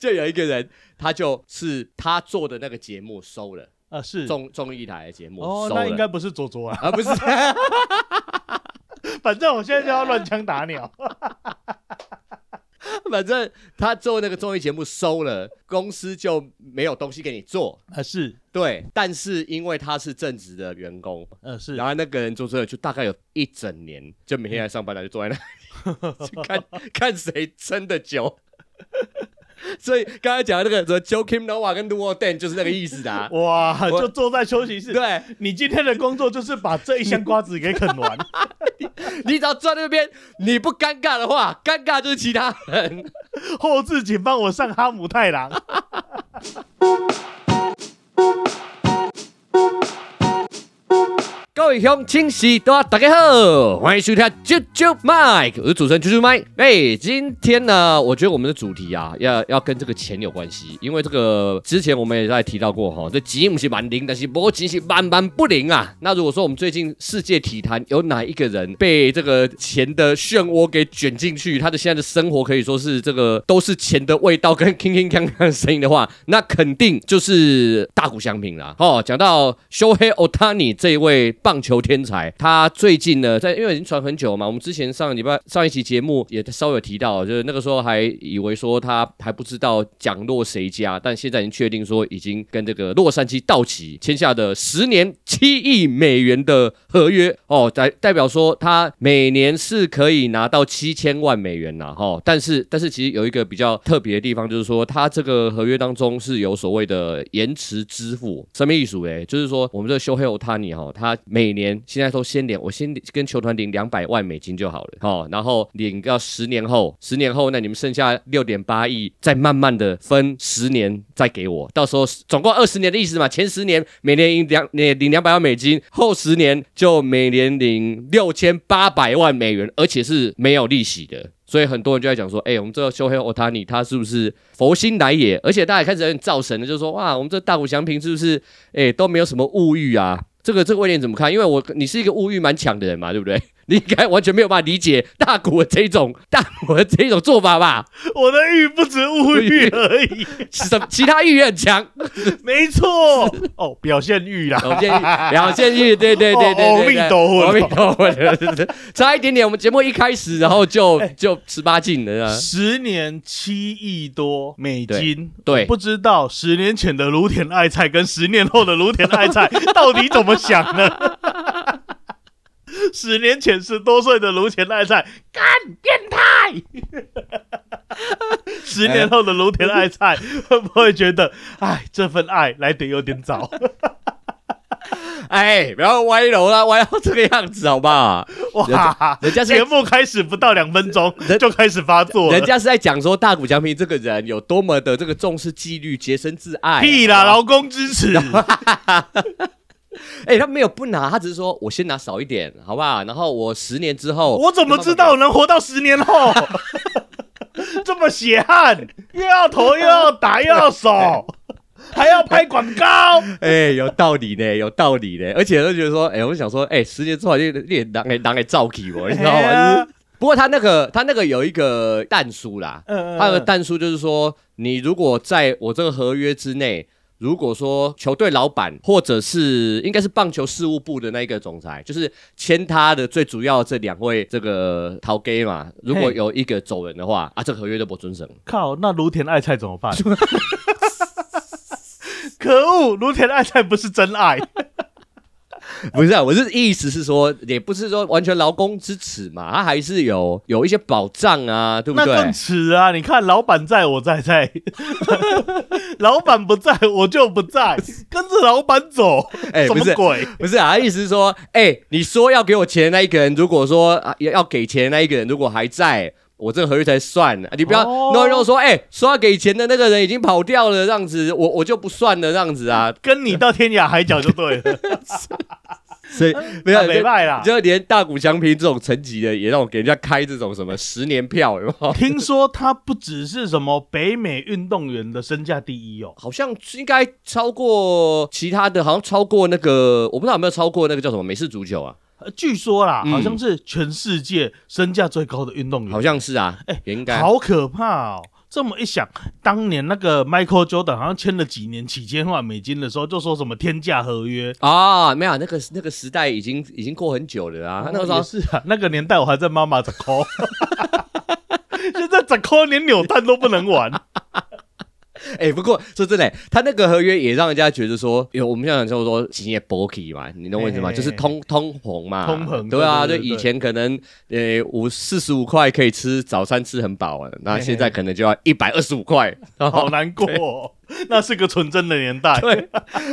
就有一個人，他就是他做的那個節目收了啊、呃，是綜綜藝台的節目，收了。哦、那應該不是佐佐啊， 啊，不是。 反正我現在就要亂槍打鳥。 反正他做那個綜藝節目收了，公司就沒有東西給你做啊、呃，是對。但是因為他是正職的員工，嗯、呃，是。然後那個人做這個就大概有一整年，就每天來上班他就坐在那裡 看，看看誰撐得久。 所以剛才講的那個叫 Joakim Noah 跟 Luol Deng 就是那個意思的、啊，哇，就坐在休息室。對，你今天的工作就是把這一箱瓜子給啃完，你， 你，你只要坐在那邊，你不尷尬的話，尷尬就是其他人。後製請幫我上哈姆太郎。 各位鄉親序大大家好，歡迎收聽啾啾 MIC，我是主持人啾啾 MIC，誒、欸，今天呢，我覺得我們的主題啊，要要跟這個錢有關係，因為這個之前我們也在提到過哈，這吉姆是蠻靈，但是不過吉姆是萬萬不靈啊。那如果說我們最近世界體壇有哪一個人被這個錢的漩渦給捲進去，他的現在的生活可以說是這個都是錢的味道跟鏗鏗鏘鏘的聲音的話，那肯定就是大谷翔平了。哦，講到修黑歐塔尼這一位。棒球天才，他最近呢，在因為已經傳很久嘛，我們之前上禮拜上一期節目也稍微有提到，就是那個時候還以為說他還不知道獎落誰家，但現在已經確定說已經跟這個洛杉磯道奇簽下的十年七億美元的合約哦，代代表說他每年是可以拿到七千萬美元啦。哈、哦，但是但是其實有一個比較特別的地方，就是說他這個合約當中是有所謂的延遲支付，什麼意思誒，就是說我們這個修黑歐他尼哈他。每年現在都先領，我先跟球團領兩百萬美金就好了，好、哦，然後領到十年後，十年後那你們剩下，六點八億，再慢慢的分十年再給我，到時候總共二十年的意思嘛，前十年每年 2, 領兩領兩百萬美金，後十年就每年領六千八百萬美元，而且是沒有利息的，所以很多人就在講說，哎、欸，我們這個修黑歐塔尼他是不是佛心來也？而且大家開始有點造神了，就是說，哇，我們這大谷翔平是不是，哎、欸，都沒有什麼物欲啊？這個這個位置你怎麼看？因為我你是一個物欲蠻強的人嘛，對不對？你應該完全沒有辦法理解大谷這種大谷這種做法吧？我的欲不止物欲而已，什 其他欲也很強。沒錯， 哦，表現欲啦，表現欲， 表現欲，對對對對，對，對，亡命鬥魂，亡命鬥魂，差一點點。我們節目一開始，然後就就十八禁的，欸、 十年七億多美金，對，對不知道十年前的蘆田愛菜跟十年後的蘆田愛菜 到底怎麼想呢？ 十年前十多歲的盧田愛菜幹變態， 十年後的盧田愛菜會不會覺得，哎、欸，這份愛來得有點早？哎，不要歪樓了，歪到這個樣子，好不好？哇，人家是節目開始不到兩分鐘，就開始發作了人。人家是在講說大谷翔平這個人有多麼的這個重視紀律、潔身自愛。屁啦，老公支持。 哎、欸，他沒有不拿，他只是說我先拿少一點，好不好？然後我十年之後，我怎麼知道能活到十年後？ 這麼血汗，又要投，又要打，又要守， 還要拍廣告。哎、欸，有道理呢，有道理呢。而且我覺得說，哎、欸，我想說，哎、欸，十年之後就練當給當給造我，你知道嗎？啊就是、不過他那個他那個有一個但書啦，嗯嗯他的但書就是說，你如果在我這個合約之內。如果說球隊老板或者是應該是棒球事務部的那一個總裁，就是簽他的最主要這兩位這個陶給嘛，如果有一個走人的話啊，這個合約就不遵守。靠，那蘆田愛菜怎麼辦？ 可惡，蘆田愛菜不是真愛。 啊、不是，啊，我是意思是說，也不是說完全勞工之恥嘛，他還是有有一些保障啊，對不對？那更恥啊！你看，老闆在，我在在； 老闆不在我就不在，不跟着老闆走。哎、欸，什麼鬼，不是啊，意思是說，哎、欸，你說要給我錢的那一個人，如果說啊要給錢的那一個人，如果還在。我這個合約才算、啊，你不要弄，no、弄 -no、說，哎、oh, 欸，說要給錢的那個人已經跑掉了這樣子，我我就不算了這樣子啊，跟你到天涯海角就對了， 所以, 所以 沒有不要沒敗啦就，就連大谷翔平這種層級的，也讓我給人家開這種什麼十年票有沒有？聽說他不只是什麼北美運動員的身價第一哦， 好像應該超過其他的，好像超過那個我不知道有沒有超過那個叫什麼美式足球啊。據說啦、嗯，好像是全世界身價最高的運動員，好像是啊，哎、欸，也應該好可怕哦。這麼一想，當年那個 Michael Jordan 好像簽了幾年幾千萬美金的時候，就說什麼天價合約啊、哦。沒有、啊，那個那個時代已經已經過很久了啊。那個時候、那個、是啊，那個年代我還在媽媽在摳， 現在在摳連扭蛋都不能玩。 哎、欸，不過說真的、欸，他那個合約也讓人家覺得說，為、欸、我們現在講叫做“企業剝皮”嘛，你懂我意思嗎？欸、嘿嘿就是通通膨嘛，通膨。對啊，就以前可能呃五四十五塊可以吃早餐吃很飽了，啊，那現在可能就要一百二十五塊，欸、嘿嘿 好難過哦。 那是個純真的年代 對，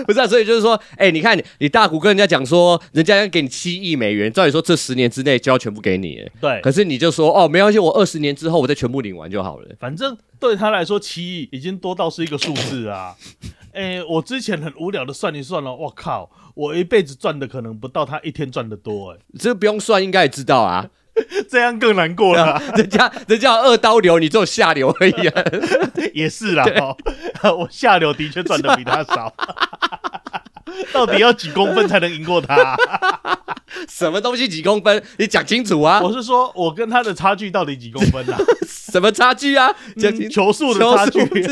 不是，啊，所以就是說，哎、欸，你看，你大谷跟人家講說，人家要給你七億美元，照理說這十年之內就要全部給你，對，可是你就說哦，沒關係，我二十年之後我再全部領完就好了。反正對他來說，七億已經多到是一個數字啊。哎、 欸，我之前很無聊的算一算了、啊，我靠，我一輩子賺的可能不到他一天賺的多、欸，哎，這不用算，應該也知道啊。這樣更難過了、啊人，人家人家有二刀流，你只有下流而已、啊， 也是啦。我下流的確賺得比他少 到底要幾公分才能贏過他、啊？ 什麼東西幾公分？你講清楚啊！我是說，我跟他的差距到底幾公分啊？ 什麼差距啊？ 嗯、球數的差距。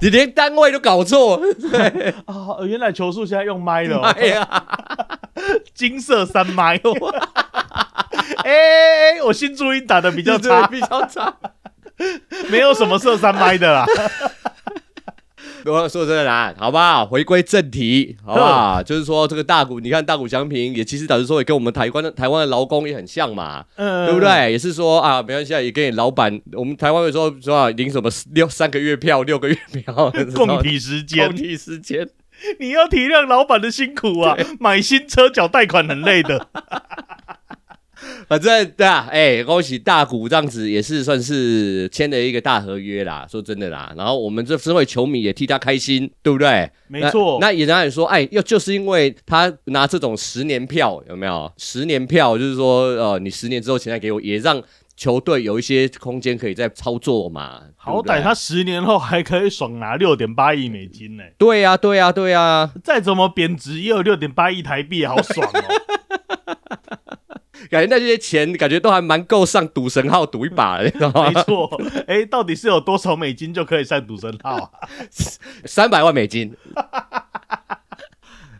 你連單位都搞錯，對，對、哦、原來球速現在用麥了、哦，麥啊、 金色三麥，哎、 欸欸，我新注音打得比較差對對對，比較差， 沒有什麼色三麥的啦。 說真的難，好吧，回歸正題，好吧、嗯，就是說這個大谷，你看大谷翔平，也其實導致說也跟我們台灣的台灣的勞工也很像嘛、呃，對不對？也是說啊，沒關係，也跟你老板，我們台灣會說說領、啊、什麼六三個月票、六個月票，共體時間，共體時間，你要體諒老板的辛苦啊，買新車繳貸款很累的。 反正對啊，哎、啊欸，恭喜大谷這樣子也是算是簽了一個大合約啦。說真的啦，然後我們這身為球迷也替他開心，對不對？沒錯。那也有人說，哎、欸，又就是因為他拿這種十年票，有沒有？十年票就是說，呃，你十年之後錢再給我，也讓球隊有一些空間可以再操作嘛對對。好歹他十年後還可以爽拿六點八億美金呢、欸。對呀、啊，對呀、啊，對呀、啊。再怎麼貶值也有六點八億台幣，好爽哦、喔。 感覺那些錢，感覺都還蠻夠上賭神號賭一把的，你知道嗎？沒錯，哎、欸，到底是有多少美金就可以上賭神號啊？ 三百萬美金。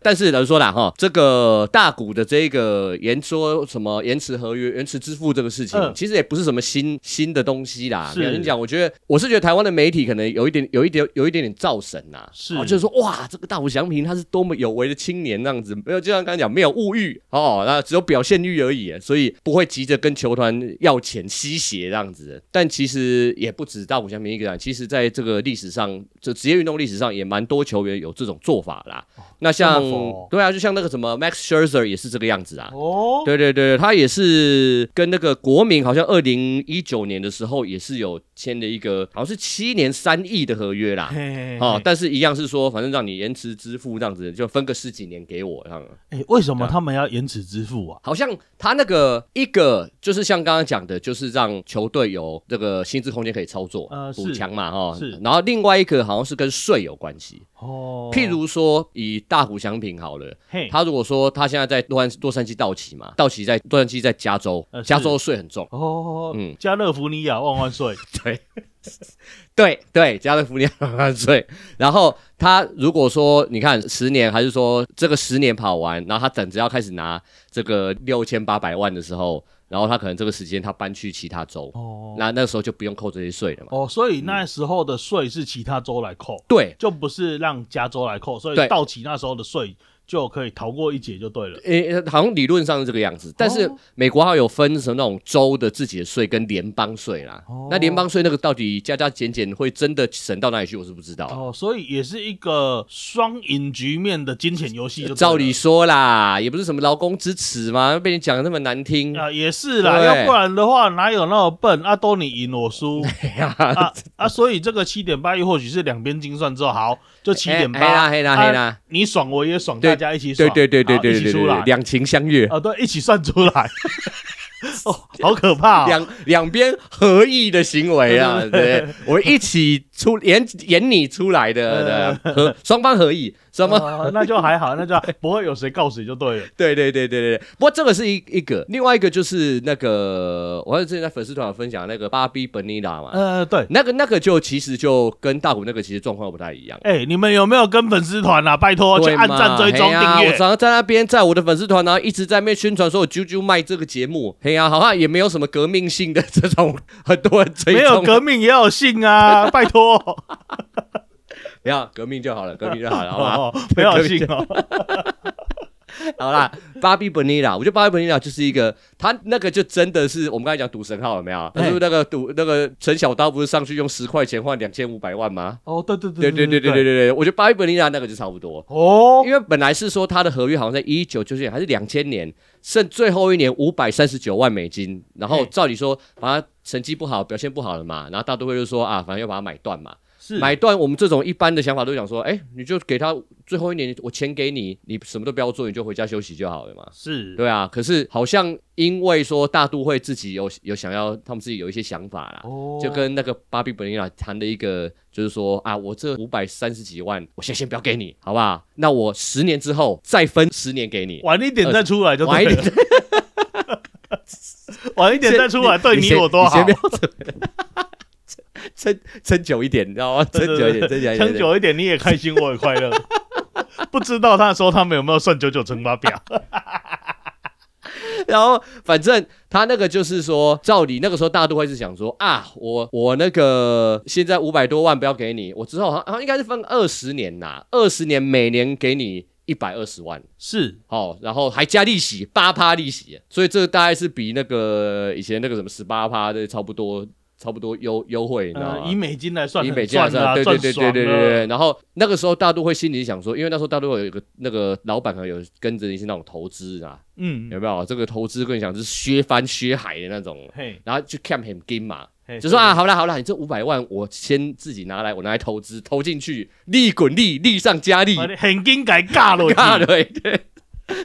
但是，老實說啦，哈，這個大谷的這個延說什麼延遲合約、延遲支付這個事情，其實也不是什麼新新的東西啦。有人講，我覺得我是覺得台灣的媒體可能有一點、有一點、有一點點造神吶。是、哦，就是說，哇，這個大谷翔平他是多麼有為的青年，那樣子沒有，就像剛才講，沒有物欲哦，那只有表現欲而已，所以不會急着跟球團要錢吸血這樣子。但其實也不止大谷翔平一個人，其實在這個歷史上，這職業運動歷史上也蠻多球員有這種做法啦。哦、那像。嗯 Oh. 對啊，就像那個什麼 Max Scherzer 也是這個樣子啊。哦、oh.，對對對，他也是跟那個國民好像二零一九年的時候也是有簽了一個，好像是七年三億的合約啦。Hey, hey, hey. 哦，但是一樣是說，反正讓你延遲支付這樣子，就分個十幾年給我，這樣。哎、hey,，為什麼他們要延遲支付啊？好像他那個一個就是像剛剛講的，就是讓球隊有這個薪資空間可以操作，uh, 補強嘛，哈、哦。是。然後另外一個好像是跟稅有關係。哦、oh.。譬如說，以大谷相比。挺好的。嘿，他如果說他現在在洛安，洛杉磯道奇嘛，道奇在洛杉磯在加州，呃、加州稅很重哦，哦，哦。嗯，加勒福尼亞萬萬稅。換換 對。 對對，加勒福尼亞萬萬稅。換換 然後他如果說你看十年，還是說這個十年跑完，然後他等着要開始拿這個六千八百萬的時候。然後他可能這個時間他搬去其他州。哦，那那時候就不用扣這些稅了嘛。哦，所以那時候的稅是其他州來扣，嗯、對，就不是讓加州來扣。所以道奇那時候的稅。就可以逃過一劫就對了，誒、欸，好像理論上是這個樣子，但是美國還有分成那種州的自己的稅跟聯邦稅啦。哦、那聯邦稅那個到底加加減減會真的省到哪裡去？我是不知道、啊、哦。所以也是一個雙贏局面的金錢遊戲。照理說啦，也不是什麼勞工之恥嘛，被你講得那麼難聽啊，也是啦。要不然的話，哪有那麼笨？阿、啊、多你贏我輸 啊， 啊，啊，所以這個七點八，又或許是兩邊精算之後，好，就七點八啦，黑啦黑啦，你爽我也爽對。大家一起算，對對對對對對兩情相悅啊，哦，對，一起算出來。 哦，好可怕哦！兩兩邊合意的行為啊， 對不對？ 我一起出演演你出來的，對， 雙方合意，雙方、 呃。那就還好，那就不會有誰告誰就對了。 對對對對對，對，對不過這個是一一個，另外一個就是那個，我之前在粉絲團有分享那個芭比本尼拉嘛。呃，對，那個那個就其實就跟大谷那個其實狀況不太一樣。哎、欸，你們有沒有跟粉絲團啊？拜託、哦、去按讚追蹤。訂閱！我常常在那邊，在我的粉絲團呢、啊，一直在那邊宣傳說，我啾啾 MIC 這個節目。嘿。好像也沒有什麼革命性的這種，很多人的。沒有革命也有性啊， 拜托託。不 要革命就好了，革命就好了， 好吧？沒、哦、有哦。好，哦 好啦巴比布尼拉， Vanilla, 我覺得巴比布尼拉就是一個，他那個就真的是我們剛才講賭神號有沒有？但、欸、是，是那個賭那個陳小刀不是上去用十塊錢換兩千五百萬嗎？哦，對對對對對對對對對，對，我覺得巴比布尼拉那個就差不多哦，因為本來是說他的合約好像在一九九九年還是兩千年。剩最後一年五百三十九萬美金，然後照理說，把他成績不好，表現不好了嘛，然後大都會就說啊，反正要把它買斷嘛。是買斷，我們這種一般的想法都想說，哎、欸，你就給他最後一年，我錢給你，你什麼都不要做，你就回家休息就好了嘛。是，對啊。可是好像。因為說大都會自己有有想要，他們自己有一些想法啦，哦、就跟那個巴比本尼亞談了一個，就是說啊，我這五百三十幾萬，我先先不要給你，好不好？那我十年之後再分十年給你，晚一點再出來就晚一點， 晚一點再出來對你我多好，撐撐 久一點，然後撐久一點，撐久一點，你也開心，我也快樂。 不知道他說他們有沒有算九九乘法表。 然後，反正他那個就是說，照理那個時候，大都會是想說啊，我我那個現在五百多萬不要給你，我之後好像應該是分二十年啦，二十年每年給你一百二十萬，是哦，然後還加利息八趴利息，所以這個大概是比那個以前那個什麼十八趴的差不多。差不多優優惠，你知道嗎？以美金來算，以美金來算，對對對對對對，對，對，對。然後那個時候，大都會心裡想說，因為那時候大都會有一個那個老闆啊，有跟着一些那種投資啊，嗯，有沒有？這個投資跟你講是削翻削海的那種，嘿。然後去 camp him 嘛，就說啊，好了好了，你這五百萬我先自己拿來，我拿來投資，投進去利滾利，利上加利，很更改尬落去，對對。對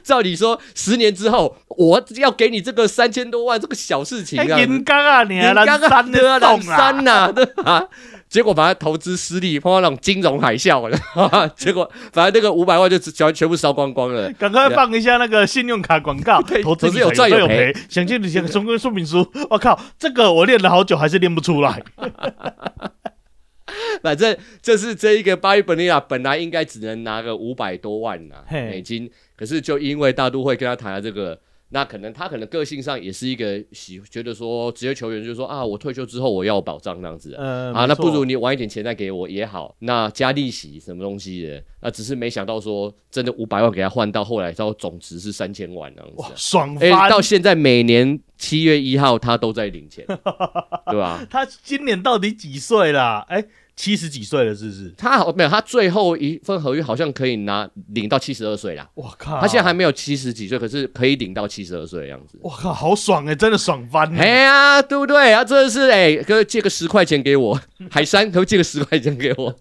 照理說，十年之後我要給你這個三千多萬這個小事情啊，金、欸、剛啊，你啊，金剛的，難三吶，都啊，啊，啊，啊，啊，啊， 啊，結果把他投資失利，碰到那種金融海嘯了、啊，結果反正那個五百萬就全全部燒光光了。趕快放一下那個信用卡廣告， 投資有賺有賠，想借你錢，中文說明書，我 對 靠，這個我練了好久還是練不出來。反 正、 啊、這、就是這一個 Bonilla 本來應該只能拿個五百多萬呢、啊， 美金。 可是，就因為大都會跟他談了這個，那可能他可能個性上也是一個喜，覺得說職業球員就是說啊，我退休之後我要保障那樣子、呃，啊，那不如你晚一點錢再給我也好，那加利息什麼東西的，那只是沒想到說真的五百萬給他換到後來到總值是三千萬那樣子，哇，爽！哎、欸，到現在每年七月一號他都在領錢， 對吧？他今年到底幾歲啦？哎、欸。七十幾歲了，是不是？他好沒有，他最後一份合約好像可以拿領到七十二歲啦。我靠！他現在還沒有七十幾歲，可是可以領到七十二歲的樣子。我靠！好爽哎、欸，真的爽翻、欸！哎呀、啊，對不對啊？他真的是哎，哥、欸、借個十塊錢給我， 海山可不可以借個十塊錢給我？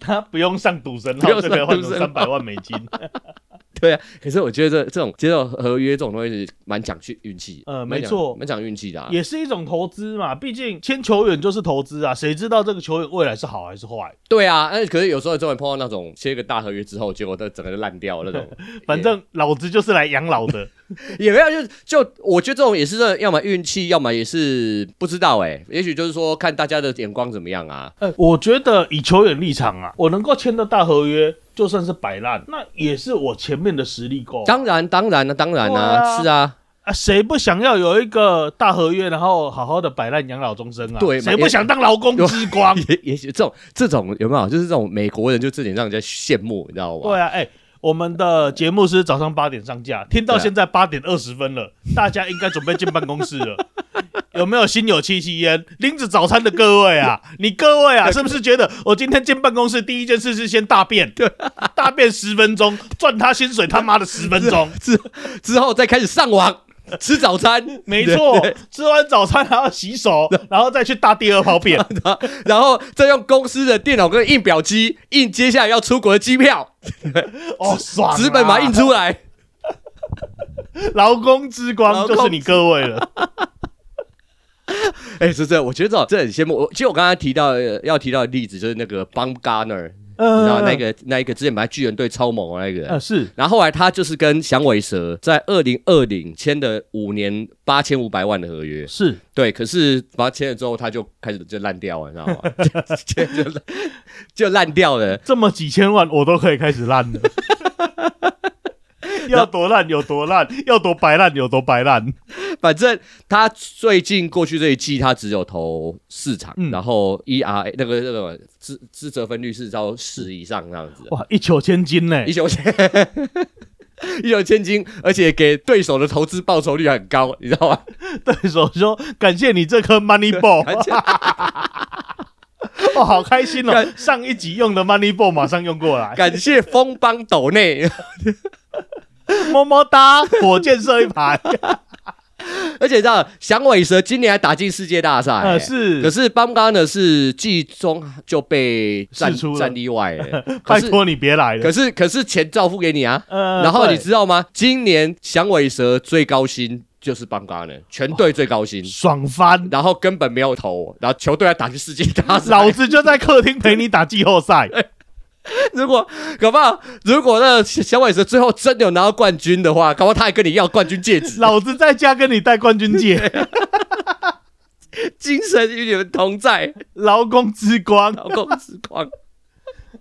他不用上賭神了，這個換成三百萬美金。 對啊，可是我覺得這這種簽合約這種東西是蠻講去運氣，呃，沒錯，蠻講運氣的、啊，也是一種投資嘛，畢竟簽球員就是投資啊，誰知道這個球員未來是好還是壞？對啊，那、呃、可是有時候就會碰到那種簽一個大合約之後，結果都整個就爛掉那種。 反正老子就是來養老的， 也沒有，就就我覺得這種也是說，要麼運氣，要麼也是不知道哎、欸，也許就是說看大家的眼光怎麼樣啊。哎、欸，我覺得以球員立場啊，我能夠簽到大合約。就算是擺爛，那也是我前面的實力夠、啊。當然，當然了、啊，當然了、啊啊，是啊，啊，誰不想要有一個大合約，然後好好的擺爛養老終生啊？對，誰不想當勞工之光？也也，也，也，這種，這種有沒有？就是這種美國人就這點讓人家羨慕，你知道嗎？對啊，哎、欸。我們的節目是早上八點上架，聽到現在八點二十分了、啊，大家應該準備進辦公室了。 有沒有心有戚戚焉拎着早餐的各位啊？ 你各位啊， 是不是覺得我今天進辦公室第一件事是先大便？對、啊，大便十分鐘，賺 他薪水他媽的十分鐘之 之後再開始上網。吃早餐，沒錯。吃完早餐還要洗手，對對對，然後再去大第二泡便， 然後再用公司的電腦跟印表機印接下來要出國的機票，哦，爽，啊！紙本嘛印出來，勞工之光就是你各位了。哎，啊 欸，是這，我覺得這很羨慕我。其實我剛才提到要提到的例子就是那個 Bumgarner。你知道、啊、那個、呃、那一個之前把他巨人隊超猛那個、呃，是，然後後來他就是跟響尾蛇在二零二零簽的五年八千五百萬的合約，是對，可是把他簽了之後他就開始就爛掉了，你知道嗎？ 就，就，就爛掉了，這麼幾千萬我都可以開始爛了。 要多爛有多爛， 要多白爛有多白爛。反正他最近過去這一季，他只有投四場、嗯，然後 ERA 那個那種自自責分率是到十以上這樣子。哇，一球千金呢？一球千 一球千金，而且給對手的投資報酬率很高，你知道嗎？對手說：“感謝你這顆 Money Ball。 ”感謝笑哦，好開心哦！上一集用的 Money Ball 馬上用過來。 感謝瘋邦斗內。 麼麼噠，火箭射一盤，而且你知道，響尾蛇今年還打進世界大賽、欸呃，是。可是邦剛呢，是季中就被釋出了戰力外、欸呃。拜托你別來了。可是可是錢照付給你啊。呃、然後你知道嗎？今年響尾蛇最高薪就是邦剛呢，全隊最高薪，爽翻。然後根本沒有投，然後球隊還打進世界大賽。大賽老子就在客廳陪， 陪你打季後賽。欸 如果搞不好，如果那響尾蛇最後真的有拿到冠軍的話，搞不好他還跟你要冠軍戒指。老子在家跟你戴冠軍戒 對、啊， 精神與你們同在，勞工之光，勞 工之光。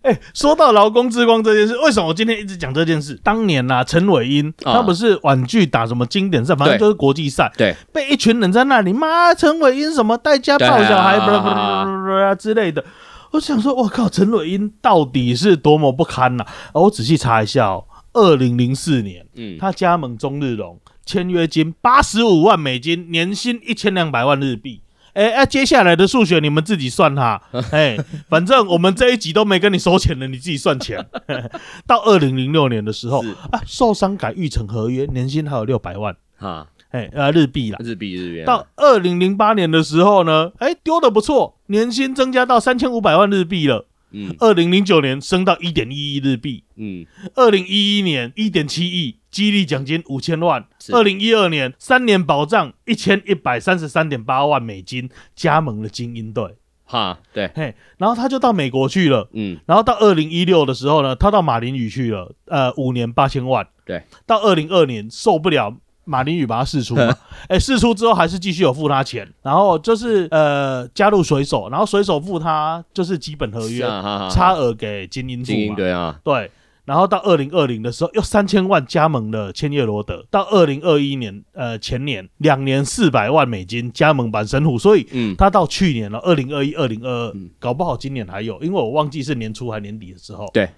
哎、 欸，說到勞工之光這件事，為什麼我今天一直講這件事？當年啊，陳偉殷他不是婉拒打什麼經典賽，反正都是國際賽，對，被一群人在那裡罵陳偉殷什麼帶家抱小孩啊啪啦啪啦啪啦之類的。我想說，我靠，陳偉殷到底是多麼不堪吶、啊啊！我仔細查一下哦，二零零四年，嗯，他加盟中日龍，簽約金八十五萬美金，年薪一千兩百萬日幣。哎、欸啊、接下來的數學你們自己算哈。哎， 反正我們這一集都沒跟你收錢了，你自己算錢。 到二零零六年的時候、啊、受傷改育成合約，年薪還有六百萬啊。哎，日幣啦，日幣、日元。到二零零八年的時候呢，哎、欸，丟的不錯，年薪增加到三千五百萬日幣了。嗯，二零零九年升到一點一億日幣。嗯，二零一一年一點七億，激勵獎金五千萬。二零一二年三年保障一千一百三十三點八萬美金，加盟了金鶯隊。哈，對，嘿，然後他就到美國去了。嗯，然後到二零一六的時候呢，他到馬林魚去了。呃，五年八千萬。對，到二零二年受不了。馬林魚把他釋出了哎， 欸、釋出之後還是繼續有付他錢，然後就是呃加入水手，然後水手付他就是基本合約，啊、好好差額給金鷹金嘛。隊啊，對。然後到二零二零的時候，又三千萬加盟了千葉羅德。到二零二一年呃前年兩年四百萬美金加盟阪神虎，所以他到去年了，二零二一、二零二二，搞不好今年還有，因為我忘記是年初還年底的時候。對。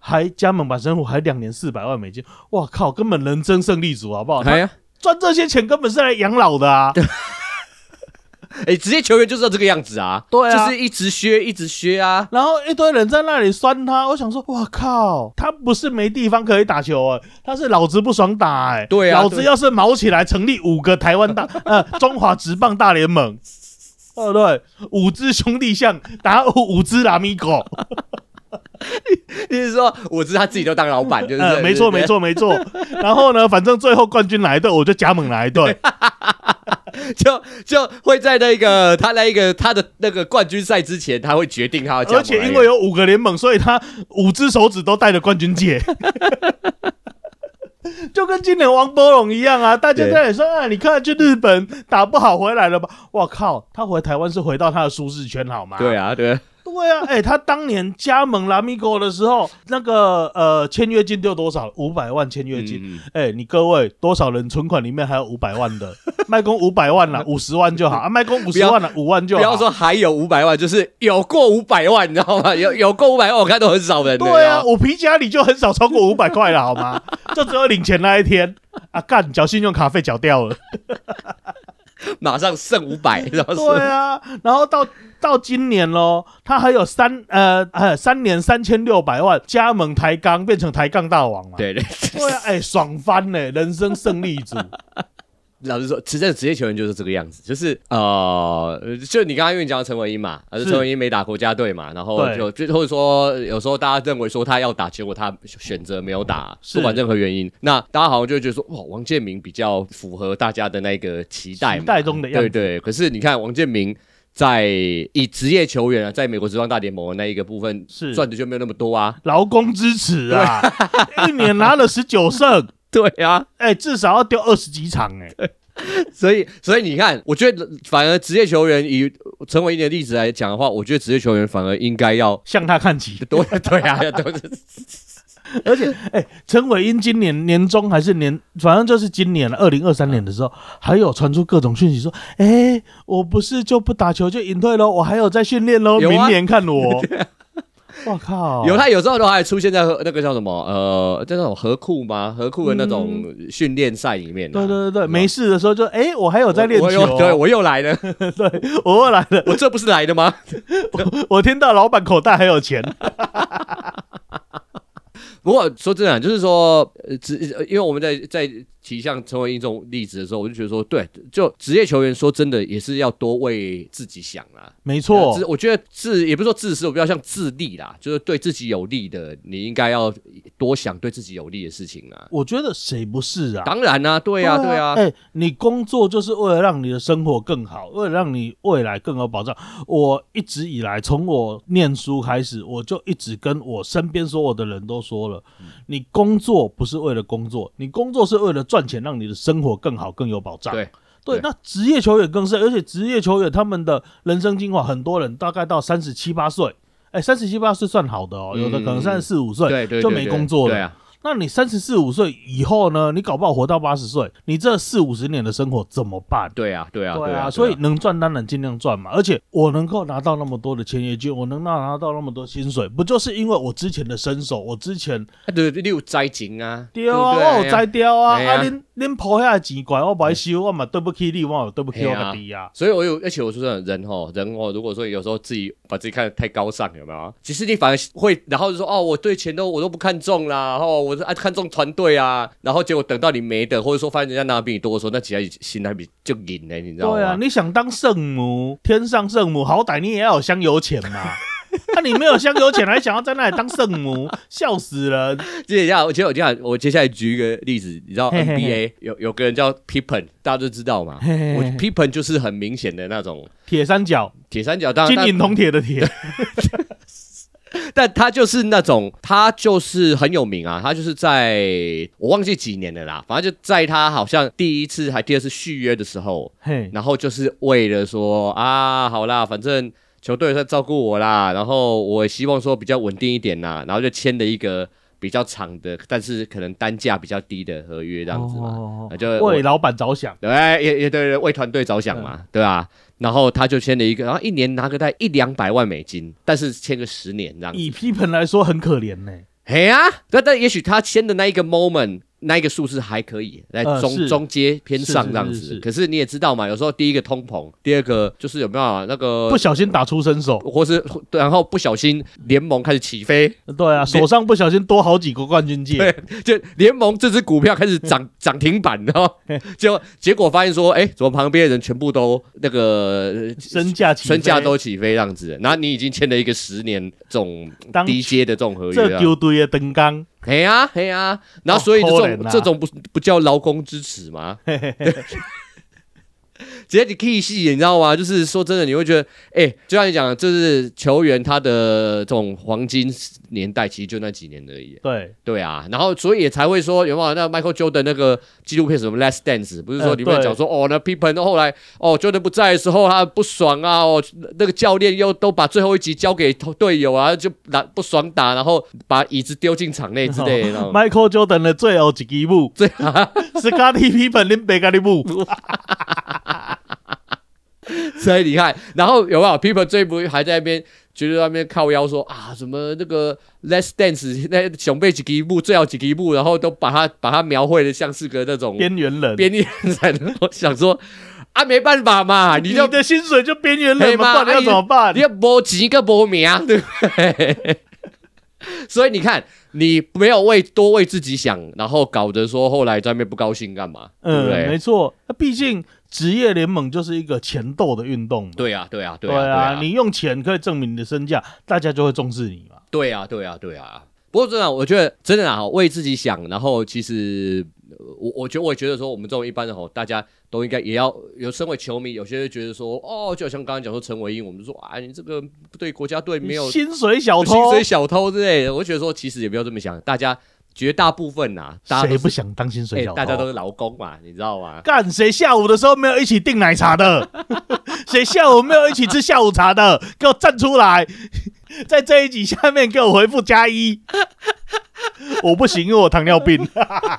還加盟板生活，還兩年四百萬美金，哇靠，根本人生勝利組好不好？還賺這些錢根本是來養老的啊！哎，職業球員就是要這個樣子啊！對啊，就是一直削，一直削啊！然後一堆人在那裡酸他，我想說，我靠，他不是沒地方可以打球啊，欸，他是老子不爽打哎！對啊，老子要是卯起來成立五個台灣大呃中華職棒大聯盟，呃對，五隻兄弟象打五隻拉米狗。你 是說，我知他自己都當老板，就是、這個呃、沒錯沒錯沒錯。 然後呢，反正最後冠軍哪一隊，我就加盟哪一隊， 就就會在那個他的、那、一個他的那個冠軍賽之前，他會決定他。而且因為有五個聯盟，所以他五只手指都戴着冠軍戒， 就跟今年王柏融一樣啊！大家在那裡說，啊、哎，你看去日本打不好回來了吧？我靠，他回台灣是回到他的舒適圈好嗎？對啊，對。對啊，哎、欸，他當年加盟拉米戈的時候，那個呃，簽約金就多少？五百萬簽約金。哎、嗯嗯欸，你各位多少人存款裡面還有五百萬的？賣空五百萬了，五十萬就好啊，賣空五十萬了，五 萬就好。不要說還有五百萬，就是有過五百萬，你知道嗎？有有過五百萬，我看都很少人。對啊，我皮夾裡就很少超過五百塊了， 好嗎？就只有領錢那一天啊，幹，繳信用卡費繳掉了。 馬上剩五百，然後是不是？ 對啊，然後到到今年咯，他還有三呃呃三年三千六百萬加盟台鋼，變成台鋼大王嘛，對對、對。對啊，哎、欸，爽翻嘞、欸，人生勝利組。 老實說，其實的職業球員就是這個樣子，就是呃，就你剛剛因為講陳偉殷嘛，是陳偉殷沒打國家隊嘛，然後就，就或者說有時候大家認為說他要打，結果他選擇沒有打，不管任何原因。那大家好像就會覺得說，哇，王建民比較符合大家的那個期待嘛，期待中的樣子對對。可是你看，王建民在以職業球員啊，在美國職棒大聯盟的那一個部分，是賺的就沒有那麼多啊，勞工之恥啊， 一年拿了十九勝。 對啊，哎、欸，至少要丟二十幾場哎、欸，所以所以你看，我覺得反而職業球員以陳偉殷的例子來講的話，我覺得職業球員反而應該要向他看齊。對對，對啊， 對對啊對 而且哎，陳、欸、偉殷今年年中還是年，反正就是今年二零二三年的時候，嗯、還有傳出各種訊息說，哎、欸，我不是就不打球就隱退嘍，我還有在訓練嘍，明年看我。 我靠！有他有時候都還出現在那個叫什麼呃，在那種合庫嗎？合庫的那種訓練賽裡面、啊嗯。對對對對，沒事的時候就哎、欸，我還有在練球，對，我又來了， 對我又來了，我這不是來的嗎？ 我，我聽到老板口袋還有錢。 不過說真的，就是說，只因為我們在在。提象成為一種例子的時候，我就覺得說，對，就職業球員說真的也是要多為自己想啊。沒錯，我覺得自也不是說自私，我比較像自利啦，就是對自己有利的，你應該要多想對自己有利的事情啊。我覺得誰不是啊？當然啊，對啊，對啊。哎、啊欸，你工作就是為了讓你的生活更好，為了讓你未來更有保障。我一直以來，從我念書開始，我就一直跟我身邊所有的人都說了、嗯，你工作不是為了工作，你工作是為了賺。賺錢，讓你的生活更好，更有保障。對，對那職業球員更是，而且職業球員他們的人生精華，很多人大概到三十七八歲，哎、欸，三十七八歲算好的哦、嗯，有的可能三十四五歲就沒工作了。對對對對，對啊。那你三十四五歲以後呢？你搞不好活到八十歲，你這四五十年的生活怎麼辦？對啊，對啊，對啊。對啊對啊，所以能賺當然盡量賺嘛、啊啊。而且我能夠拿到那麼多的簽約金，我能拿拿到那麼多薪水，不就是因為我之前的身手？我之前對，你有災情啊，對啊，對對啊，我有災掉啊，啊，啊，啊，啊你婆破下錢塊，啊，我白修我嘛對不起你，我有對不起我個弟啊。所以我有，而且我說這種人哦，人哦，如果說有時候自己。把自己看得太高尚，有沒有？其實你反而會，然後就說哦，我對錢都我都不看重啦，哦，我是愛看重團隊啊，然後結果等到你沒的，或者說發現人家拿的比你多的時候，那其他心態比就贏了，欸，你知道嗎？對啊，你想當聖母，天上聖母，好歹你也要有香油錢嘛。 那 你沒有香油錢，還想要在那裡當聖母，， 笑死人！這要，其實我就想，我接下來舉一個例子，你知道 NBA 嘿嘿嘿有有個人叫 Pippen 大家都知道嘛？Pippen 就是很明顯的那種鐵三角，鐵三角，當然金銀銅鐵的鐵。但， 但他就是那種，他就是很有名啊，他就是在我忘記幾年了啦，反正就在他好像第一次還第二次續約的時候，然後就是為了說啊，好啦，反正。球隊在照顧我啦，然後我希望說比較穩定一點吶，然後就簽了一個比較長的，但是可能單價比較低的合約這樣子嘛，oh, oh, oh. 那就為老闆着想，對，也也對，為團隊着想嘛，對吧、啊？然後他就簽了一個，然後一年拿個大概一兩百萬美金，但是簽個十年這樣。以 Pippen 來說很可憐呢、欸，嘿呀、啊，但、啊、但也許他簽的那一個 moment。那一個數字還可以在中，呃、中階偏上這樣子，可是你也知道嘛，有時候第一個通膨，第二個就是有沒有，啊、那個不小心打出身手，或是然後不小心聯盟開始起飛、嗯，對啊，手上不小心多好幾個冠軍戒就聯盟這支股票開始漲漲 停板，然後結 結果發現說，哎，欸，怎麼旁邊的人全部都那個身價身價都起飛這樣子，然後你已經簽了一個十年這種低階的這種合約，這就對的燈光。哎呀，哎 呀， 嘿啊嘿啊，然後所以就這種這種不不叫勞工之恥嗎、oh, 對？ 直接你氣死，你知道嗎？就是說真的，你會覺得，哎，就像你講，就是球員他的這種黃金。年代其實就那幾年而已、啊。對對啊，然後所以也才會說有沒有那 Michael Jordan 那個紀錄片什麼《Last Dance》，不是說裡面講說、欸、哦，那 Pippen 後來哦，Jordan 不在的時候他不爽啊，哦那個教練又都把最後一集交給隊友啊，就打不爽打，然後把椅子丟進場內之類的。哦、 Michael Jordan 的最後幾幕，最後是 Scottie Pippen 林貝卡的幕， 所以你看，然後有沒有 Pippen 最後一幕還在那邊？就在外面靠腰說，說啊，什麼那個 Let's Dance，那準備幾步，最好幾步，然後都把它把它描繪的像是個那種邊緣人，邊緣人。 我想說啊，沒辦法嘛，你，你的薪水就邊緣人嘛，那怎麼辦？你要搏幾個搏名啊，對不對？ 所以你看，你沒有為多為自己想，然後搞得說後來在外面不高興幹嘛？嗯，對不對沒錯，那畢竟。職業聯盟就是一個錢鬥的運動，對呀、啊，對呀、啊，對呀、啊啊啊啊啊，你用錢可以證明你的身價，大家就會重視你嘛。對呀、啊，對呀、啊，對呀、啊。不過真的、啊，我覺得真的啊，為自己想，然後其實我我覺得，我也覺得說我們這種一般人，大家都應該也要有身為球迷，有些人覺得說，哦，就像剛剛講說陳偉殷，我們說啊，你這個對國家隊沒有薪水小偷、薪水小偷之類的，我覺得說其實也不要這麼想，大家。絕大部分吶，誰不想當薪水小偷？大家都是勞工，欸，嘛，哦，你知道嗎？幹，誰下午的時候沒有一起訂奶茶的？誰 下午沒有一起吃下午茶的？給我站出來，在這一集下面給我回復加一， 我不行，因為我糖尿病。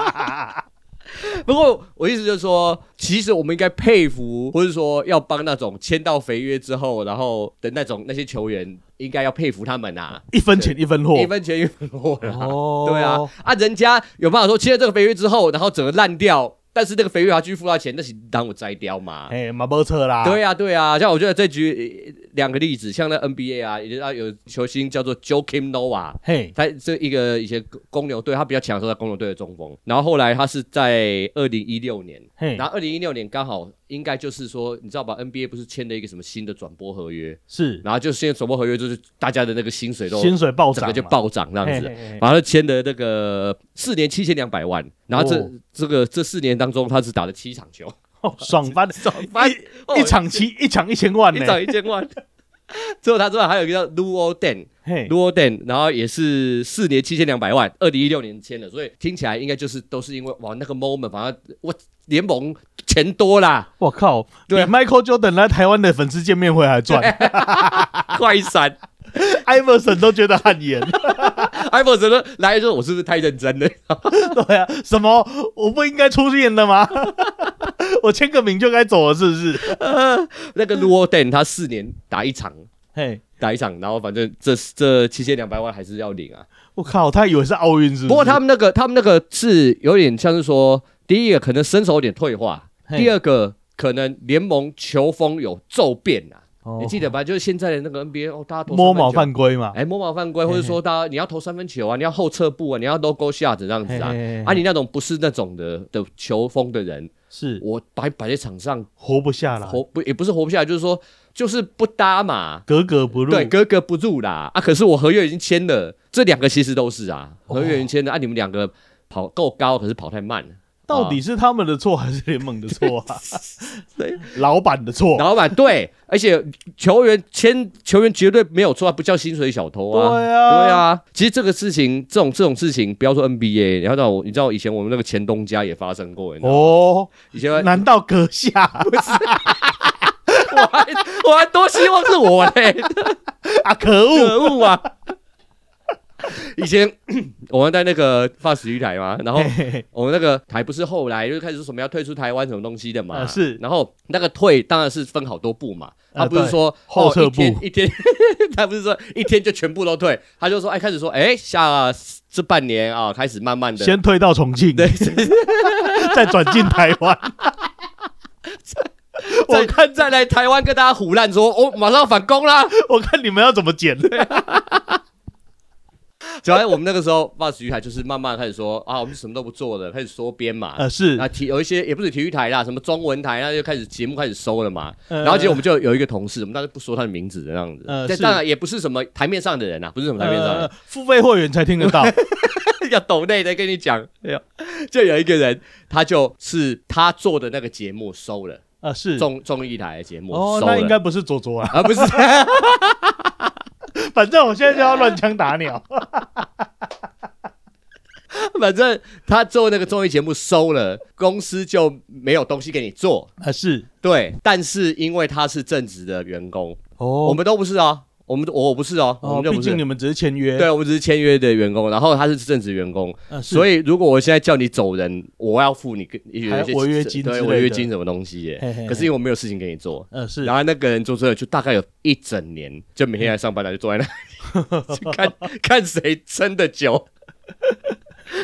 不過我意思就是說，其實我們應該佩服，或者說要幫那種簽到肥約之後，然後的那種那些球員，應該要佩服他們啊！一分錢一分貨，一分錢一分貨，啊哦。對啊，啊，人家有辦法說簽了這個肥約之後，然後整個爛掉。但是那個肥約他還繼續付他錢，那是當我摘掉嘛？哎，沒錯啦。對啊，對啊，像我覺得這局兩個例子，像那 NBA 啊，有球星叫做 Joakim Noah，嘿，他這一個以前公牛隊，他比較搶手他公牛隊的中鋒。然後後來他是在二零一六年嘿，然後二零一六年剛好應該就是說，你知道吧？NBA 不是簽了一個什麼新的轉播合約？是，然後就現在轉播合約就是大家的那個薪水都薪水暴漲，就暴漲這樣子，嘿嘿嘿，然後他簽的那個四年七千兩百萬。然後這、哦、這個這四年當中，他只打了七場球，爽、哦、翻，爽翻、 哦，一場七， 一，場一,一場一千萬，一場一千萬。最後他之外還有一個叫 Luol Deng，Luol、hey, Deng，然後也是四年七千兩百萬，二零一六年簽的，所以聽起來應該就是都是因為哇那個 moment 反而我聯盟錢多啦，我靠，對、啊、Michael Jordan 來台灣的粉絲見面會還賺，怪閃。 埃弗森都覺得汗顏。埃弗森說：“來，說我是不是太認真了？ 對啊，什麼我不應該出現的嗎？ 我簽個名就該走了，是不是？” 那個 Luol Deng，他四年打一場，嘿、hey,，打一場，然後反正這這七千兩百萬還是要領啊。我靠，他以為是奧運是不是？不過他們那個，他們那個是有點像是說，第一個可能身手有點退化，hey. 第二個可能聯盟球風有驟變啊。Oh. 你記得吧？就是現在的那個 NBA 哦，大家都摸毛犯規嘛？哎、欸，摸毛犯規，或者說，大家你要投三分球啊， 你要後撤步啊，你要 logo shot 這樣子啊？ 啊，你那種不是那種的的球風的人，是我擺擺在場上活不下來，活不也不是活不下來，就是說就是不搭嘛，格格不入，對，格格不入啦。啊，可是我合約已經簽了，這兩個其實都是啊，合約已經簽了。Oh. 啊，你們兩個跑夠高，可是跑太慢了。到底是他們的錯還是聯盟的錯啊？對， 老闆的錯，老闆對，而且球員簽球員絕對沒有錯，不叫薪水小偷啊。對啊，對啊。其實這個事情，這種這種事情，不要說 NBA，你知道我，你知道以前我們那個前東家也發生過。哦，以前難道閣下？不是， 我還我還多希望是我嘞！ 啊，可惡可惡啊！以前 我們在那個發十一台嘛，然後我們那個台不是後來就開始說什麼要退出台灣什麼東西的嘛？呃、是。然後那個退當然是分好多步嘛，他、呃、不是說後撤步、哦、一天，他不是說一天就全部都退，他就說哎開始說哎下這半年啊、哦、開始慢慢的先退到重慶，對， 再轉進台灣， 我看再來台灣跟大家唬爛說，我、哦、馬上要反攻啦，我看你們要怎麼剪。 主 要、啊、我們那個時候 b o s s 視台就是慢慢開始說啊，我們什麼都不做的，開始縮編嘛。呃，是啊，體有一些也不是體育台啦，什麼中文台，那就開始節目開始收了嘛、呃。然後結果我們就有一個同事，我們當時不說他的名字的樣子。呃、對，當然也不是什麼檯面上的人啊，不是什麼檯面上的人、呃，付費會員才聽得到， 要抖內的跟你講。哎呦，就有一個人，他就是他做的那個節目收了啊、呃，是綜綜藝台的節目收了哦，那應該不是左左啊，啊不是。反正我現在就要亂槍打鳥 。 反正他做那個綜藝節目收了，公司就沒有東西給你做啊？是，對。但是因為他是正職的員工，哦，我們都不是啊。我們我不是哦，哦我們不是，畢竟你們只是簽約，對，我們只是簽約的員工，然後他是正職員工，呃、所以如果我現在叫你走人，我要付你違約金，對，違約金什麼東西耶嘿嘿嘿？可是因為我沒有事情給你做，呃、是。然後那個人坐出來就大概有一整年，就每天來上班了，就坐在那裡、嗯、 看看誰撐得久。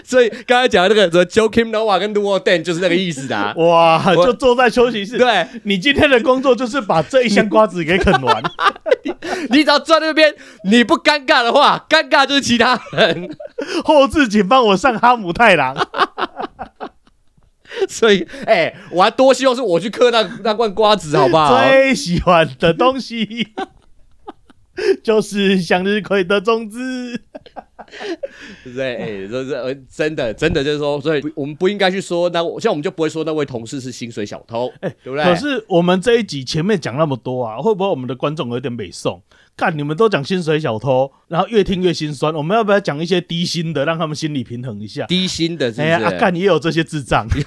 所以剛才講的那個什麼 Joakim Noah 跟 Luol Deng 就是那個意思的、啊、哇，就坐在休息室，對你今天的工作就是把這一箱瓜子給啃完。你， 你，你只要坐在那邊，你不尷尬的話，尷尬就是其他人。後置請幫我上哈姆太郎。 所以，哎、欸，我還多希望是我去嗑那那罐瓜子，好不好？最喜歡的東西 就是向日葵的種子。 對、欸，真的真的就是說，所以我們不應該去說那，像我們就不會說那位同事是薪水小偷，欸，對不對？可是我們這一集前面講那麼多啊，會不會我們的觀眾有點美送？看你們都講薪水小偷，然後越聽越心酸，我們要不要講一些低薪的，讓他們心理平衡一下？低薪的是是，哎、欸、呀，看、啊、也有這些智障。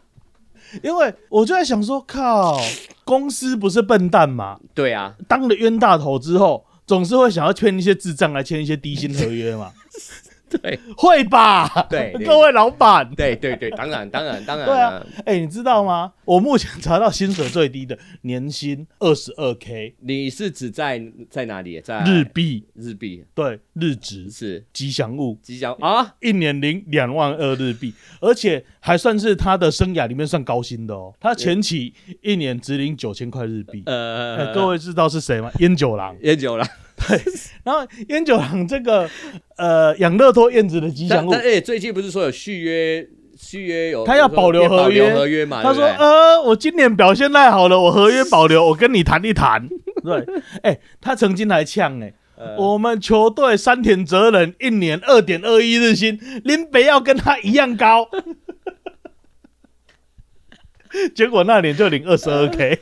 因為我就在想說，靠，公司不是笨蛋嗎？對啊，當了冤大頭之後，總是會想要勸一些智障來簽一些低薪合約嘛。對，會吧？對，對,對，各位老闆，對對對，當然當然當然。當然 對啊，哎、欸，你知道嗎？我目前查到薪水最低的年薪二十二 K，你是指在在哪裡？在日幣，日幣，對，日職是吉祥物，吉祥啊，一年領兩萬二日幣，而且還算是他的生涯裡面算高薪的哦。他前期一年只領九千塊日幣。呃、欸，各位知道是誰嗎？燕、呃、九郎，燕九郎。 對，然後燕九郎這個，呃，養樂多燕子的吉祥物。哎、欸，最近不是說有續約，續約有他要保留合約，保留合約嘛。他說，呃，我今年表現太好了，我合約保留， 我跟你談一談。對，哎、欸，他曾經還嗆、欸，哎， 我們球隊山田哲人一年二點二億日薪，林北不要跟他一樣高， 結果那年就領二十二 k，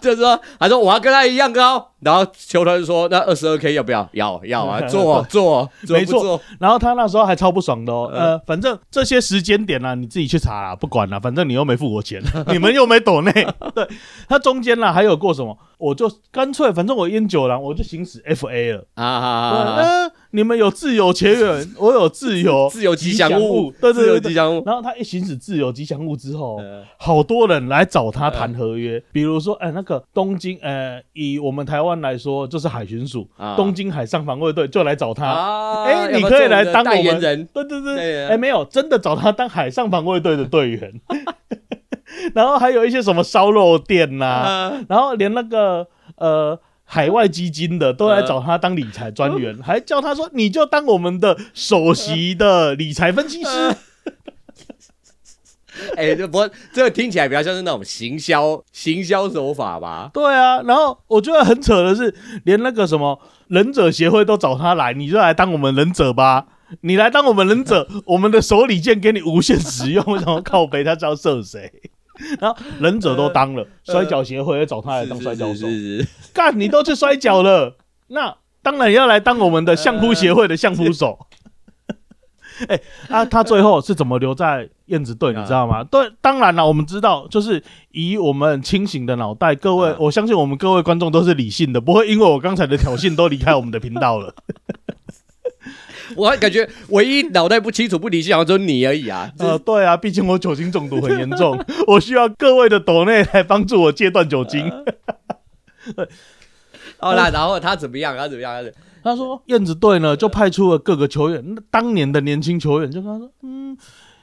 就是說，還說我要跟他一樣高。然後球團就說：“那二十二 K 要不要？要要啊，做做做不做？沒錯，然後他那時候還超不爽的哦。呃，呃反正這些時間點呢、啊，你自己去查啦、啊，不管了、啊，反正你又沒付我錢， 你們又沒躲內。 對他中間啦、啊、還有過什麼？我就乾脆，反正我燕九郎，我就行使 FA 了啊、啊、啊。你們有自由球員， 我有自由，自由吉祥物，對對對、對、對自由吉祥物。然後他一行使自由吉祥物之後、嗯，好多人來找他談合約、嗯，比如說，哎、呃，那個東京，呃，以我們台灣。來說就是海巡署，啊、東京海上防衛隊就來找他。哎、啊、欸、你可以來當我們，要不要做我們的代言人？對對對，哎、啊、欸，沒有真的找他當海上防衛隊的隊員， 然後還有一些什麼燒肉店吶，啊啊，然後連那個呃海外基金的都來找他當理財專員，啊，還叫他說你就當我們的首席的理財分析師。啊 哎、欸，這不過這個聽起來比較像是那種行銷行銷手法吧？對啊，然後我覺得很扯的是，連那個什麼忍者協會都找他來，你就來當我們忍者吧，你來當我們忍者， 我們的手裡劍給你無限使用， 然後靠北他要射誰？ 然後忍者都當了，呃、摔跤協會也找他來當摔跤手，幹你都去摔跤了， 那當然要來當我們的相撲協會的相撲手。呃 哎、欸，那、啊、他最後是怎麼留在燕子隊？ 你知道嗎？Yeah. 對，當然了，我們知道，就是以我們清醒的腦袋，各位，uh. 我相信我們各位觀眾都是理性的，不會因為我剛才的挑釁都離開我們的頻道了。 我還感覺唯一腦袋不清楚、不理性，好像就是你而已啊！啊、呃，對啊，畢竟我酒精中毒很嚴重， 我需要各位的抖內來幫助我戒斷酒精。好、uh. 啦、 哦、然後他怎麼樣？他怎麼樣？他他說：“燕子隊呢，就派出了各個球員，呃、那當年的年輕球員，就跟他說，嗯，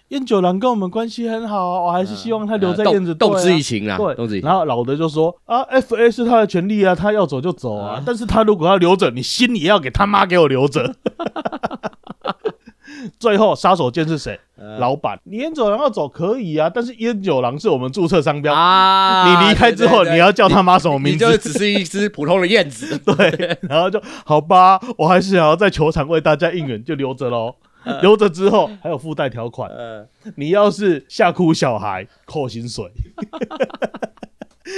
燕九郎跟我們關係很好，我還是希望他留在燕子隊、啊。呃”動、呃、之以情啊，對，動之以情，然後老的就說：“啊，F A 是他的權利啊，他要走就走啊，呃、但是他如果要留着，你心裡要給他媽給我留着。 ” 最後殺手鐧是誰、呃？老闆，燕九郎要走可以啊，但是燕九郎是我們註冊商標啊。你離開之後，對對對，你要叫他媽什麼名字？你，你就是只是一隻普通的燕子。 對，然後就 好吧。我還是想要在球場為大家應援，就留着嘍、呃。留着之後還有附帶條款、呃，你要是嚇哭小孩，扣薪水。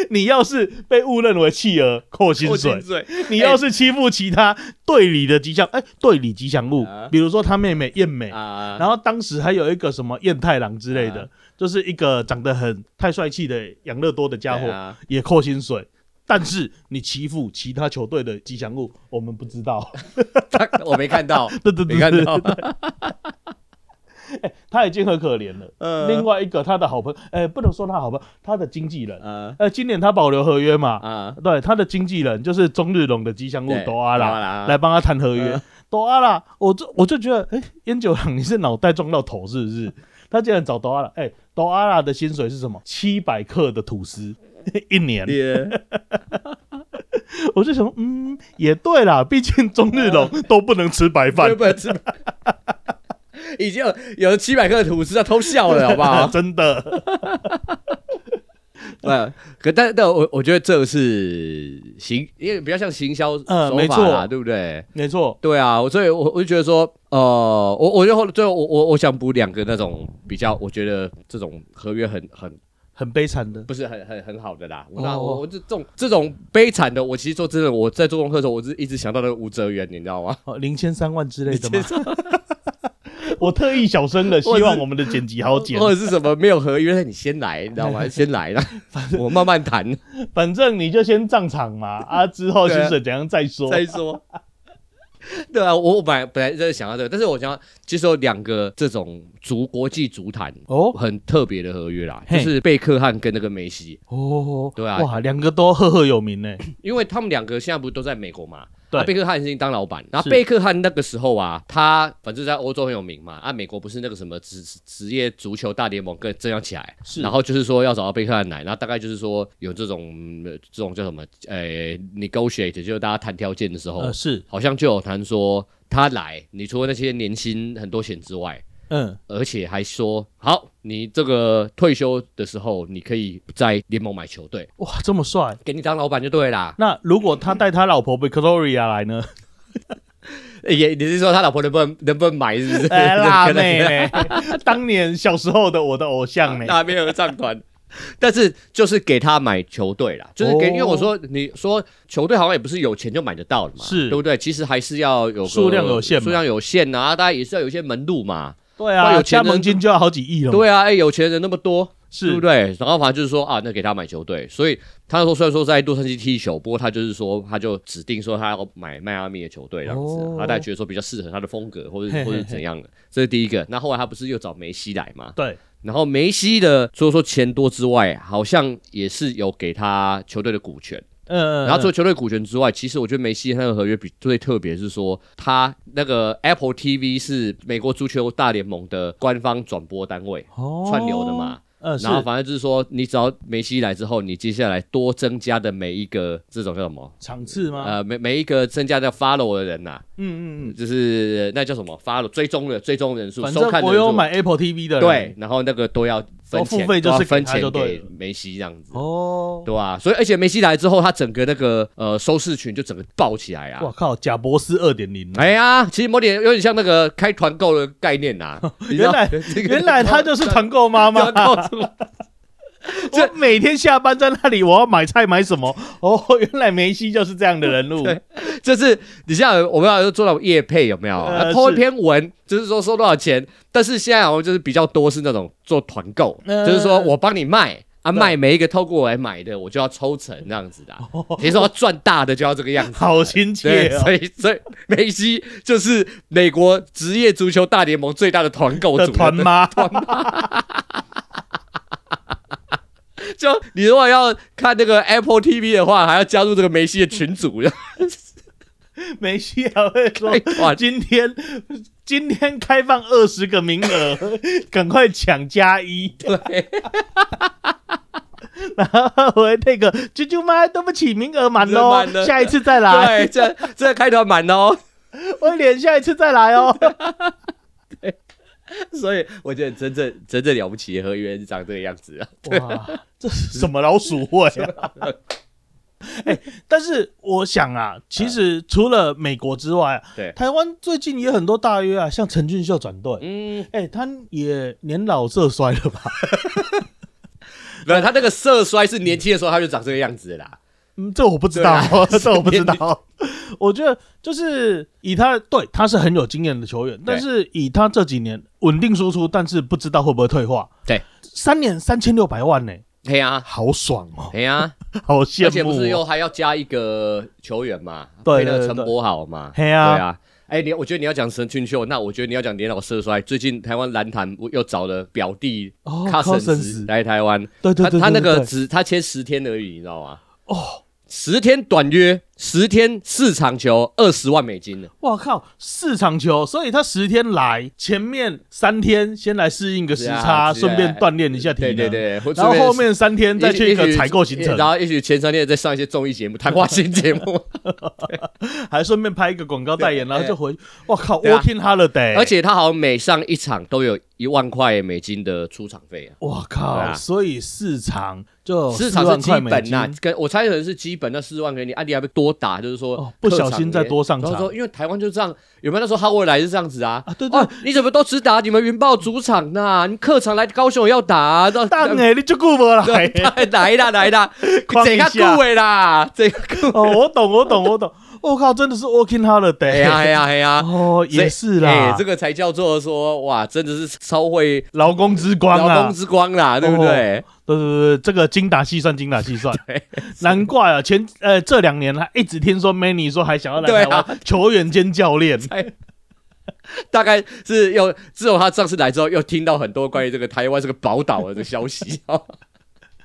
你要是被誤認為企鵝，扣薪水，扣水；你要是欺負其他隊裡的吉祥哎、隊、欸、裡、欸、吉祥物、啊，比如說他妹妹燕美、啊，然後當時還有一個什麼燕太郎之類的、啊，就是一個長得很太帥氣的養樂多的家伙、啊，也扣薪水。但是你欺負其他球隊的吉祥物，我們不知道，啊、 我沒看到， 對對對、對，沒看到。 欸、他已經很可憐了。嗯、呃，另外一個他的好朋友，哎、欸，不能說他好朋友，他的經紀人。呃、欸，今年他保留合約嘛。嗯、呃，對，他的經紀人就是中日龍的吉祥物多阿拉，多阿拉來幫他談合約、呃。多阿拉，我就我就覺得，哎、欸，燕九郎你是腦袋撞到頭是不是？ 他竟然找多阿拉，哎、欸，多阿拉的薪水是什麼？七百克的吐司一年。Yeah. 我就想，嗯，也對啦，畢竟中日龍都不能吃白飯。呃 已經有有了七百個的吐司在偷笑了，好不好？ 真的， 對，可但但我我覺得這個是行，因為比較像行銷手法，嗯沒，對不對？沒錯，對啊，所以我我就覺得說，呃，我我最後最後我我我想補兩個那種比較，我覺得這種合約很很很悲慘的，不是很很很好的啦。那我，哦哦、我這這種這種悲慘的，我其實說真的，我在做功課的時候，我是一直想到的吳哲元，你知道嗎？哦，零千三萬之類的 我特意小聲的，希望我們的剪輯好剪，或者是，是，是什麼沒有合約，你先來，你知道嗎？ 先來，反正我慢慢談， 反正你就先上場嘛，啊，之後就是怎樣再說 再說。對啊，我本來本來就是想要這個，但是我想要接受兩個這種足國際足壇哦，很特別的合約啦，就是貝克漢跟那個梅西哦，哦，哦，對啊，哇，兩個都赫赫有名呢， 因為他們兩個現在不是都在美國嘛。啊，貝克漢已經當老板。然後貝克漢那個時候啊，他反正在歐洲很有名嘛。啊，美國不是那個什麼職職業足球大聯盟跟這樣起來，是，然後就是說要找到貝克漢來。然後大概就是說有這種這種叫什麼欸，negotiate，就是大家談條件的時候，呃，是，好像就有談說他來，你除了那些年薪很多錢之外。嗯，而且還說好，你這個退休的時候，你可以在聯盟買球隊。哇，這麼帥，給你當老闆就對啦。那如果他帶他老婆 Victoria 來呢？ 也，你是說他老婆能不能能不能買是不是？哎、欸，辣妹 當年小時候的我的偶像呢、啊，那邊有個戰團。 但是就是給他買球隊啦，就是給，oh. 因為我說你說球隊好像也不是有錢就買得到了嘛，是，對不對？其實還是要有數量有限嘛，數量有限啊，啊大家也是要有一些門路嘛。對啊，有加盟金就要好幾億了。對啊，哎、欸，有錢人那麼多，是對不對？然後反正就是說啊，那給他買球隊。所以他那時候雖然說在洛杉磯踢球，不過他就是說他就指定說他要買邁阿密的球隊這樣子、啊哦，他大概覺得說比較適合他的風格或者或者怎樣的，這是第一個。那後來他不是又找梅西來嗎？對，然後梅西的除了說錢多之外，好像也是有給他球隊的股權。嗯，嗯，嗯、然後除了球隊股權之外，嗯嗯其實我覺得梅西他的合約比最特別是說，他那個 Apple TV 是美國足球大聯盟的官方轉播單位，哦，串流的嘛，哦、然後反正就是說，你只要梅西來之後，你接下來多增加的每一個這種叫什麼場次嗎？呃，每每一個增加的 follow 的人吶、啊，嗯，嗯嗯就是那叫什麼 follow 追蹤的追蹤人數，收看，我有買 Apple TV 的人，對，然後那個都要。分、哦、錢就是就對、啊、分錢給梅西這樣子哦，對吧、啊？所以而且梅西來之後，他整個那個呃收視群就整個爆起來啊！我靠，賈伯斯二點零！哎呀，其實有點有點像那個開團購的概念啊。 原來、這個、原來他就是團購媽媽。就每天下班在那裡，我要買菜買什麼？哦、oh,，原來梅西就是這樣的人物。對，就是你像我們要做到業配有沒有？拋、呃啊、一篇文，就是說收多少錢？是但是現在好像就是比較多是那種做團購、呃，就是說我幫你賣啊，賣每一個透過我來買的，我就要抽成這樣子的、啊。等於說賺大的就要這個樣子。好親切、哦、所以所以梅西就是美國職業足球大聯盟最大的團購主的團媽 就你如果要看這個 Apple TV 的話，還要加入這個梅西的群組。 梅西還會說：“哇，今天今天開放二十個名額，趕 快搶加一。”對， 然後我會那個啾啾咪，對不起，名額滿嘍，下一次再來，喔。這這開頭滿嘍，我臉下一次再來哦。 所以我覺得真正真正了不起的，何源長這個樣子啊！哇，這是什麼老鼠會呀，啊 欸？但是我想啊，其實除了美國之外，呃、對台灣最近也有很多大約啊，像陳俊秀轉隊嗯，哎、欸，他也年老色衰了吧？ 嗯、 他那個色衰是年輕的時候他就長這個樣子啦。嗯，這我不知道、哦，啊、 這我不知道。 我覺得就是以他對他是很有經驗的球員，但是以他這幾年。穩定輸出，但是不知道會不會退化。對，三年三千六百萬呢、欸？嘿啊，好爽哦、喔！嘿啊， 好羨慕！而且不是又還要加一個球員嘛？對，對，對，對，那個陳柏豪嘛？嘿啊，對啊。哎、嗯欸，你我覺得你要講神俊秀，那我覺得你要講年老色衰。最近台灣籃壇我又找了表弟卡森斯來台灣，對對對，對對對，他，他那個只他簽十天而已，你知道嗎？哦，十天短約。十天四場球，二十萬美金的我靠，四場球，所以他十天來，前面三天先來適應個時差，順、啊啊、便鍛鍊一下體力，然後後面三天再去一個採購行程，然後也許前三天再上一些綜藝節目、談話型節目， 還順便拍一個廣告代言，然後就回。我靠、啊、，Working Holiday，而且他好像每上一場都有。一萬塊美金的出場費啊！我靠是是、啊，所以市場就市場是基本吶、啊，我猜可能是基本，那四十萬給你，安、啊、迪還會多打，就是說、欸哦、不小心再多上場。他說：“因為台灣就這樣，有沒有那時候哈維爾是這樣子啊，啊對對對？啊，你怎麼都只打你們雲豹主場吶、啊？你客場來高雄要打、啊，當、啊、哎，你就顧不了，來來了來了，這個顧會啦，這個我懂我懂我懂。我懂”我懂 我靠，真的是 working holiday，嘿呀嘿呀哎呀，哦、yeah, yeah, yeah. oh,，也是啦、欸，這個才叫做說，哇，真的是超會勞工之光啊，勞工之光啦，oh, 對不對？對對對,對，這個精打細算，精打細算，難怪啊，前呃這兩年他一直聽說，Manny 說還想要來台灣對啊球員兼教練，啊、大概是要之後他上次來之後，又聽到很多關於這個台灣這個寶島的這個消息啊。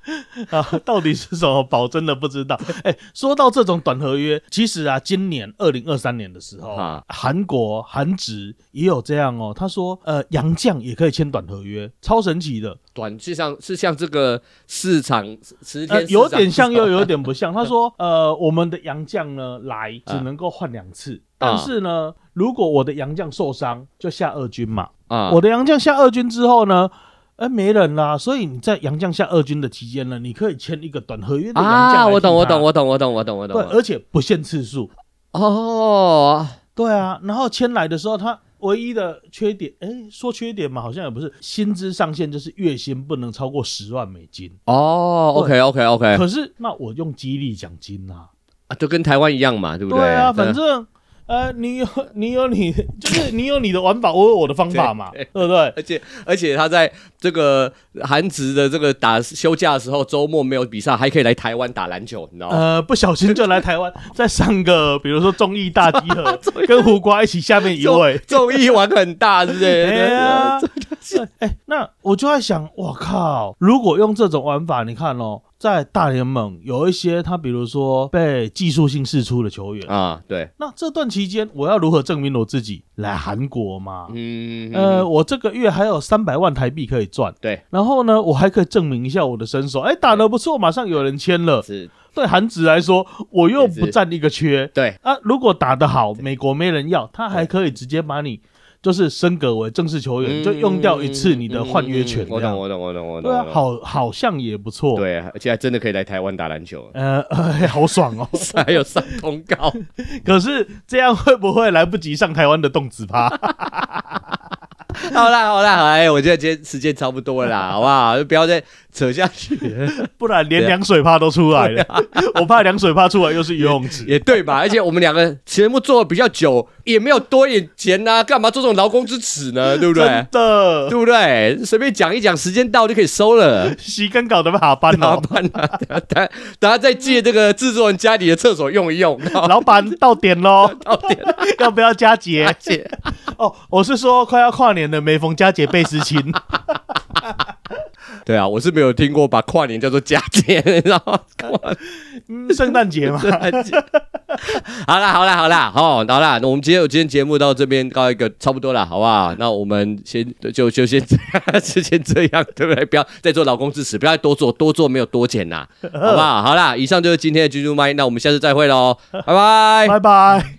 啊、到底是什麼？保，真的不知道。哎、欸，說到這種短合約，其實啊，今年二零二三年的時候，韓、啊、國韓職也有這樣哦。他說，呃，洋將也可以簽短合約，超神奇的。短就像是像這個市場、市場時間、呃，有點像又有點不像。他說，呃，我們的洋將呢來只能夠換兩次、啊，但是呢，啊、如果我的洋將受傷，就下二軍嘛。啊，我的洋將下二軍之後呢？哎、欸，沒人啦，啊，所以你在楊絳下二軍的期間呢，你可以簽一個短合約的楊絳啊。我，我懂，我懂，我懂，我懂，我懂，我懂。對，而且不限次數。哦，對啊，然後簽來的時候，他唯一的缺點，誒、欸，說缺點嘛，好像也不是，薪資上限就是月薪不能超過十萬美金。哦，OK，OK，OK。Okay, okay, okay. 可是那我用激勵獎金啊，啊，就跟台灣一樣嘛，對不對？對啊，反正。嗯呃，你有你有你，就是你有你的玩法， 我有我的方法嘛，對，對，對不對？而且而且他在這個韓職的這個打休假的時候，周末沒有比賽，還可以來台灣打籃球，你知道嗎？呃，不小心就來台灣， 再上個比如說綜藝大集合， 跟胡瓜一起下面一位，綜，綜藝玩很大，是 不是？哎呀， 哎，那我就在想，我靠，如果用這種玩法，你看哦。在大聯盟有一些他，比如說被技術性釋出的球員啊，對。那這段期間，我要如何證明我自己來韓國嘛、嗯嗯？嗯，呃，我這個月還有三百萬台幣可以賺，對。然後呢，我還可以證明一下我的身手，哎、欸，打得不錯，馬上有人簽了。對韓職來說，我又不占一個缺，對。啊，如果打得好，美國沒人要，他還可以直接把你。就是升格為正式球員，嗯、就用掉一次你的換約權、嗯嗯嗯嗯嗯。我懂，我懂，我懂，我懂。對啊，好，好像也不錯。對、啊，而且還真的可以來台灣打籃球。呃、哎，好爽哦！ 還有上通告。 可是這樣會不會來不及上台灣的動子趴 好，好啦，好啦，哎，我覺得今天時間差不多了 好不好？就不要再。扯下去， 不然連涼水帕都出來了。啊啊、我怕涼水帕出來又是游泳池。 也對吧，而且我們兩個節目做的比較久，也沒有多一點錢啊，幹嘛做這種勞工之恥呢？對不對？真的，對不對？隨便講一講，時間到就可以收了。洗 根搞得不好板、喔，老板、啊，等，下，等下再借這個制作人家裡的廁所用一用。 老板到點嘍，到點， 要不要加節？節 哦，我是說快要跨年了，每逢佳節倍思親。 對啊，我是沒有聽過把跨年叫做假節，然後、嗯、聖誕節嘛。好啦，好啦，好啦，好，啦。了，那我們今天有今天節目到這邊告一個差不多了，好不好？那我們先就就先這樣， 就先這樣，對不對？不要再做勞工之恥，不要再多做多做沒有多錢吶，好不好？好啦，以上就是今天的啾啾 MIC，那我們下次再會嘍，拜拜拜拜。